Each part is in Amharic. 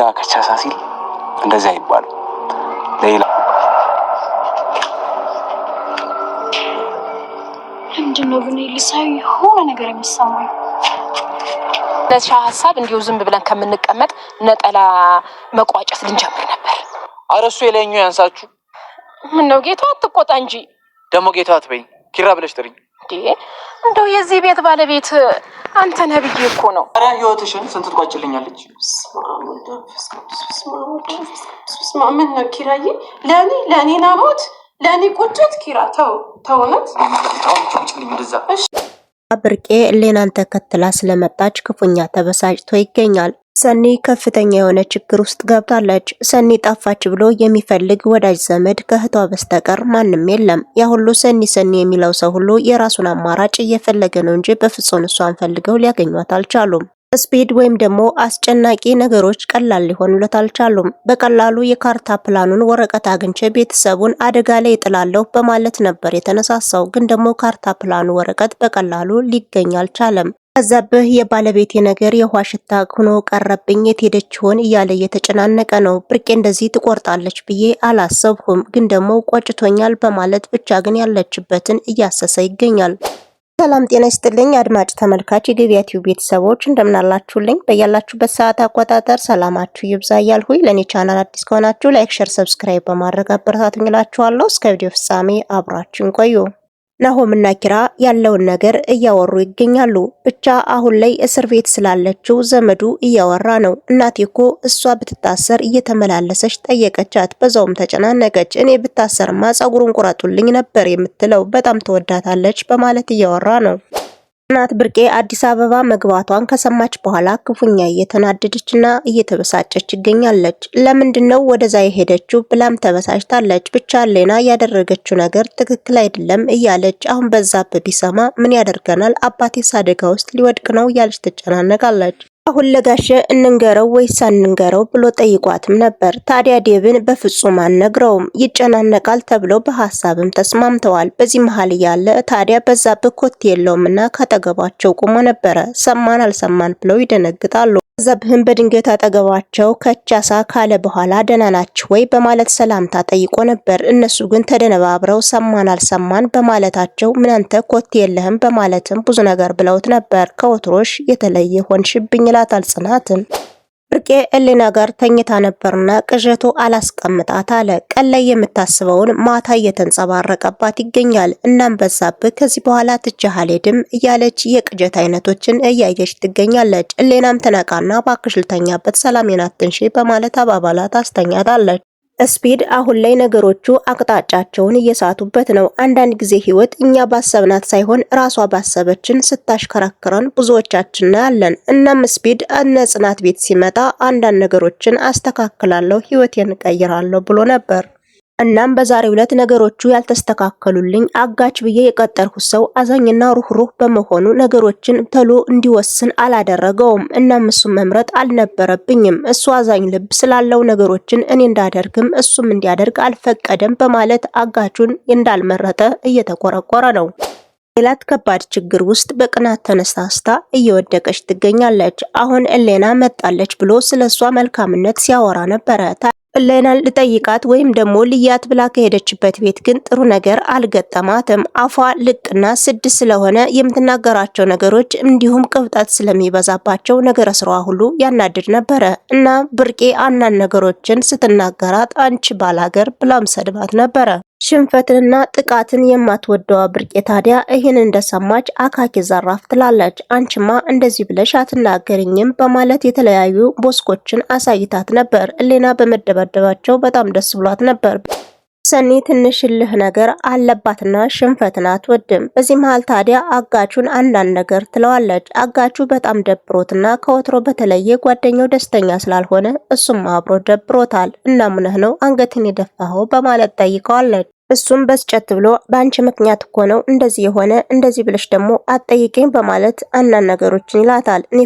እንግዳ ከቻሳ ሲል እንደዚህ አይባልም። ሌላ ምንድነው ግን ልሳዊ የሆነ ነገር የሚሰማኝ ነሻ ሀሳብ እንዲሁ ዝም ብለን ከምንቀመጥ ነጠላ መቋጨት ልንጀምር ነበር። አረሱ የላይኛው ያንሳችሁ። ነው ጌቷ አትቆጣ እንጂ ደግሞ ጌቷ አትበይኝ። ኪራ ብለሽ ጥሪኝ። እንደው የዚህ ቤት ባለቤት አንተ ነብይ እኮ ነው። ኧረ ህይወትሽን ስንት ትቋጭልኛለች? ምን ነው ኪራዬ፣ ለእኔ ለእኔ ናሞት ለእኔ ቁጭት ኪራ፣ ተው ተውነት ብርቄ ሌናን ተከትላ ስለመጣች ክፉኛ ተበሳጭቶ ይገኛል። ሰኒ ከፍተኛ የሆነ ችግር ውስጥ ገብታለች። ሰኒ ጠፋች ብሎ የሚፈልግ ወዳጅ ዘመድ ከእህቷ በስተቀር ማንም የለም። ያ ሁሉ ሰኒ ሰኒ የሚለው ሰው ሁሉ የራሱን አማራጭ እየፈለገ ነው እንጂ በፍጹም እሷን ፈልገው ሊያገኟት አልቻሉም። ስፒድ ወይም ደግሞ አስጨናቂ ነገሮች ቀላል ሊሆኑለት አልቻሉም። በቀላሉ የካርታ ፕላኑን ወረቀት አግኝቼ ቤተሰቡን አደጋ ላይ ጥላለሁ በማለት ነበር የተነሳሳው። ግን ደግሞ ካርታ ፕላኑ ወረቀት በቀላሉ ሊገኝ አልቻለም። ከዛብህ የባለቤቴ ነገር የውሃ ሽታ ሆኖ ቀረብኝ፣ የት ሄደች እያለ እየተጨናነቀ ነው። ብርቄ እንደዚህ ትቆርጣለች ብዬ አላሰብሁም ግን ደግሞ ቆጭቶኛል በማለት ብቻ ግን ያለችበትን እያሰሰ ይገኛል። ሰላም ጤና ይስጥልኝ አድማጭ ተመልካች የገቢያ ቲዩብ ቤተሰቦች እንደምናላችሁልኝ፣ በያላችሁበት ሰዓት አቆጣጠር ሰላማችሁ ይብዛ እያልኩኝ ለእኔ ቻናል አዲስ ከሆናችሁ ላይክ፣ ሸር፣ ሰብስክራይብ በማድረግ አበረታቱኝ እላችኋለሁ። እስከ ቪዲዮ ፍጻሜ አብራችን ቆዩ። ናሆምና ኪራ ያለውን ነገር እያወሩ ይገኛሉ። ብቻ አሁን ላይ እስር ቤት ስላለችው ዘመዱ እያወራ ነው። እናቴ እኮ እሷ ብትታሰር እየተመላለሰች ጠየቀቻት። በዛውም ተጨናነቀች። እኔ ብታሰርማ ጸጉሩን ቁረጡልኝ ነበር የምትለው በጣም ትወዳታለች በማለት እያወራ ነው። እናት ብርቄ አዲስ አበባ መግባቷን ከሰማች በኋላ ክፉኛ እየተናደደችና እየተበሳጨች ይገኛለች። ለምንድነው ወደዛ የሄደችው ብላም ተበሳጭታለች። ብቻ ሌና ያደረገችው ነገር ትክክል አይደለም እያለች አሁን በዛብህ ቢሰማ ምን ያደርገናል አባቴስ አደጋ ውስጥ ሊወድቅ ነው እያለች ትጨናነቃለች። አሁን ለጋሸ እንንገረው ወይስ አንንገረው ብሎ ጠይቋትም ነበር። ታዲያ ዴብን በፍጹም አንነግረውም ይጨናነቃል ተብለው በሀሳብም ተስማምተዋል። በዚህ መሀል እያለ ታዲያ በዛብህ ኮቴ የለውምና ከአጠገባቸው ቆሞ ነበረ። ሰማን አልሰማን ብለው ይደነግጣሉ። ዘብህን በድንገት አጠገባቸው ከቻሳ ካለ በኋላ ደህና ናችሁ ወይ በማለት ሰላምታ ጠይቆ ነበር። እነሱ ግን ተደነባብረው ሰማን አልሰማን በማለታቸው ምናንተ ኮት የለህም በማለትም ብዙ ነገር ብለውት ነበር። ከወትሮሽ የተለየ ሆንሽብኝ ይላታል ብርቄ እሌና ጋር ተኝታ ነበርና ቅዠቱ አላስቀምጣት አለ። ቀን ላይ የምታስበውን ማታ እየተንጸባረቀባት ይገኛል። እናም በዛብህ ከዚህ በኋላ ትቼህ አልሄድም እያለች የቅዠት አይነቶችን እያየች ትገኛለች። እሌናም ትነቃና ባክሽልተኛበት ሰላም ሰላሜን በማለት አባባላት አስተኛታለች። ስፒድ አሁን ላይ ነገሮቹ አቅጣጫቸውን እየሳቱበት ነው። አንዳንድ ጊዜ ህይወት እኛ ባሰብናት ሳይሆን ራሷ ባሰበችን ስታሽከረክረን ብዙዎቻችን ያለን። እናም ስፒድ እነ ጽናት ቤት ሲመጣ አንዳንድ ነገሮችን አስተካክላለሁ፣ ህይወቴን እቀይራለሁ ብሎ ነበር። እናም በዛሬው ዕለት ነገሮቹ ያልተስተካከሉልኝ አጋች ብዬ የቀጠርኩት ሰው አዛኝና ሩህሩህ በመሆኑ ነገሮችን ተሎ እንዲወስን አላደረገውም። እናም እሱን መምረጥ አልነበረብኝም። እሱ አዛኝ ልብ ስላለው ነገሮችን እኔ እንዳደርግም እሱም እንዲያደርግ አልፈቀደም በማለት አጋቹን እንዳልመረጠ እየተቆረቆረ ነው። ሌላት ከባድ ችግር ውስጥ በቅናት ተነሳስታ እየወደቀች ትገኛለች። አሁን እሌና መጣለች ብሎ ስለሷ መልካምነት ሲያወራ ነበረ። እለናን ልጠይቃት ወይም ደግሞ ልያት ብላ ከሄደችበት ቤት ግን ጥሩ ነገር አልገጠማትም። አፏ ልጥና ስድ ስለሆነ የምትናገራቸው ነገሮች እንዲሁም ቅብጠት ስለሚበዛባቸው ነገረ ስራዋ ሁሉ ያናድድ ነበረ እና ብርቄ አናን ነገሮችን ስትናገራት አንቺ ባላገር ብላም ሰድባት ነበረ። ሽንፈትንና ጥቃትን የማትወደዋ ብርቄ ታዲያ ይህን እንደሰማች አካኪ ዘራፍ ትላለች። አንቺማ እንደዚህ ብለሽ አትናገርኝም በማለት የተለያዩ ቦስኮችን አሳይታት ነበር። እሌና በመደባደባቸው በጣም ደስ ብሏት ነበር። ሰኒ ትንሽ እልህ ነገር አለባትና ሽንፈትን አትወድም። በዚህ መሃል ታዲያ አጋቹን አንዳንድ ነገር ትለዋለች። አጋቹ በጣም ደብሮትና ከወትሮ በተለየ ጓደኛው ደስተኛ ስላልሆነ እሱም አብሮ ደብሮታል። እናምነህ ነው አንገትን የደፋኸው በማለት ጠይቀዋለች። እሱም በስጨት ብሎ በአንቺ ምክንያት እኮ ነው እንደዚህ የሆነ እንደዚህ ብለሽ ደግሞ አጠይቀኝ በማለት አናን ነገሮችን ይላታል። እኔ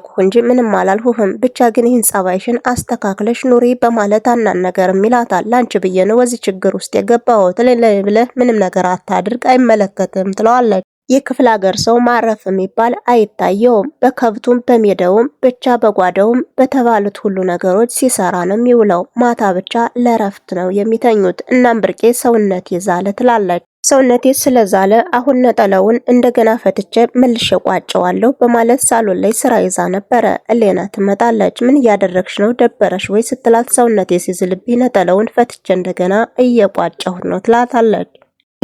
እኮ እንጂ ምንም አላልሁህም፣ ብቻ ግን ይህን ጸባይሽን አስተካክለሽ ኑሪ በማለት አናን ነገርም ይላታል። ለአንቺ ብዬ ነው በዚህ ችግር ውስጥ የገባሁት ብለህ ምንም ነገር አታድርግ አይመለከትም ትለዋለች። የክፍለ ሀገር ሰው ማረፍ የሚባል አይታየውም። በከብቱም በሜዳውም ብቻ በጓዳውም በተባሉት ሁሉ ነገሮች ሲሰራ ነው የሚውለው። ማታ ብቻ ለረፍት ነው የሚተኙት። እናም ብርቄ ሰውነት ይዛለ ትላለች። ሰውነቴ ስለዛለ አሁን ነጠላውን እንደገና ፈትቼ መልሼ ቋጨዋለሁ በማለት ሳሎን ላይ ስራ ይዛ ነበረ። እሌና ትመጣለች። ምን እያደረግሽ ነው ደበረሽ ወይ ስትላት ሰውነቴ ሲዝልብኝ ነጠላውን ፈትቼ እንደገና እየቋጨሁት ነው ትላታለች።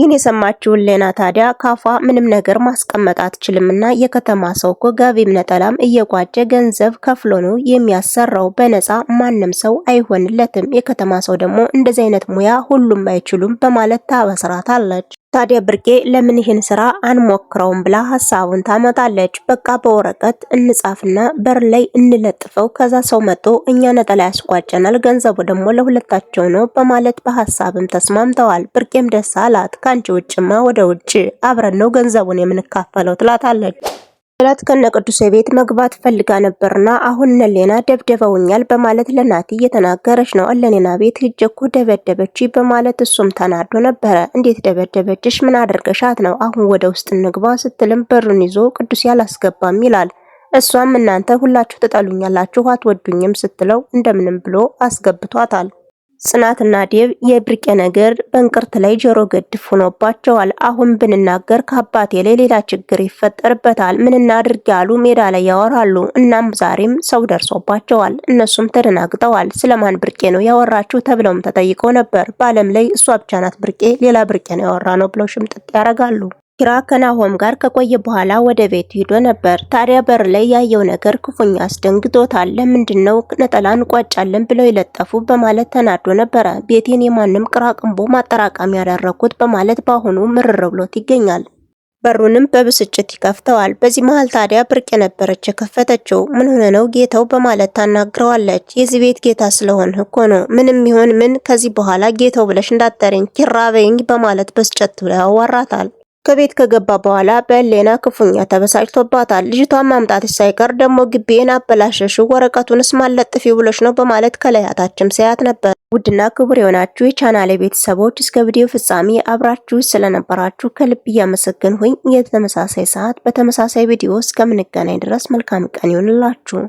ይህን የሰማችውን ሌና ታዲያ ካፏ ምንም ነገር ማስቀመጥ አትችልምና የከተማ ሰው እኮ ጋቢም ነጠላም እየጓጀ ገንዘብ ከፍሎ ነው የሚያሰራው። በነፃ ማንም ሰው አይሆንለትም። የከተማ ሰው ደግሞ እንደዚህ አይነት ሙያ ሁሉም አይችሉም በማለት ታበስራታለች። ታዲያ ብርቄ ለምን ይህን ስራ አንሞክረውም ብላ ሀሳቡን ታመጣለች። በቃ በወረቀት እንጻፍና በር ላይ እንለጥፈው፣ ከዛ ሰው መጥቶ እኛ ነጠላ ያስቋጨናል፣ ገንዘቡ ደግሞ ለሁለታቸው ነው በማለት በሀሳብም ተስማምተዋል። ብርቄም ደስ አላት። ከአንቺ ውጭማ ወደ ውጭ አብረን ነው ገንዘቡን የምንካፈለው ትላታለች። ሜላት ቅዱስ ቤት መግባት ፈልጋ ነበርና አሁን እነሌና ደብደበውኛል በማለት ለናቲ እየተናገረች ነው። እለሌና ቤት ሂጅ እኮ ደበደበች በማለት እሱም ተናዶ ነበረ። እንዴት ደበደበችሽ? ምን አድርገሻት ነው? አሁን ወደ ውስጥ እንግባ ስትልም በሩን ይዞ ቅዱስ ያላስገባም ይላል። እሷም እናንተ ሁላችሁ ትጠሉኛላችሁ፣ አትወዱኝም ስትለው እንደምንም ብሎ አስገብቷታል። ጽናትና ዴቭ የብርቄ ነገር በእንቅርት ላይ ጆሮ ገድፍ ሆኖባቸዋል። አሁን ብንናገር ከአባቴ ላይ ሌላ ችግር ይፈጠርበታል፣ ምን እናድርግ ያሉ ሜዳ ላይ ያወራሉ። እናም ዛሬም ሰው ደርሶባቸዋል። እነሱም ተደናግጠዋል። ስለማን ብርቄ ነው ያወራችሁ ተብለውም ተጠይቀው ነበር። በዓለም ላይ እሷ ብቻ ናት ብርቄ፣ ሌላ ብርቄ ነው ያወራ ነው ብለው ሽምጥጥ ያደርጋሉ። ኪራ ከናሆም ጋር ከቆየ በኋላ ወደ ቤት ሂዶ ነበር። ታዲያ በር ላይ ያየው ነገር ክፉኛ አስደንግጦታል። ለምንድን ነው ነጠላ እንቋጫለን ብለው የለጠፉ በማለት ተናዶ ነበረ። ቤቴን የማንም ቅራቅንቦ ማጠራቀም ያደረኩት በማለት በአሁኑ ምርር ብሎት ይገኛል። በሩንም በብስጭት ይከፍተዋል። በዚህ መሀል ታዲያ ብርቅ የነበረች የከፈተችው ምን ሆነ ነው ጌታው በማለት ታናግረዋለች። የዚህ ቤት ጌታ ስለሆን እኮ ነው ምንም ይሆን ምን ከዚህ በኋላ ጌታው ብለሽ እንዳጠረኝ ኪራ በይኝ በማለት በስጨት ላይ ያዋራታል። ከቤት ከገባ በኋላ በሌና ክፉኛ ተበሳጭቶባታል። ልጅቷን ማምጣት ሳይቀር ደግሞ ግቢዬን አበላሸሽ ወረቀቱንስ ማለጥፊ ብሎች ነው በማለት ከለያታችም ሳያት ነበር። ውድና ክቡር የሆናችሁ የቻናሌ ቤተሰቦች እስከ ቪዲዮ ፍጻሜ አብራችሁ ስለነበራችሁ ከልብ እያመሰገንሁኝ የተመሳሳይ ሰዓት በተመሳሳይ ቪዲዮ እስከምንገናኝ ድረስ መልካም ቀን ይሁንላችሁ።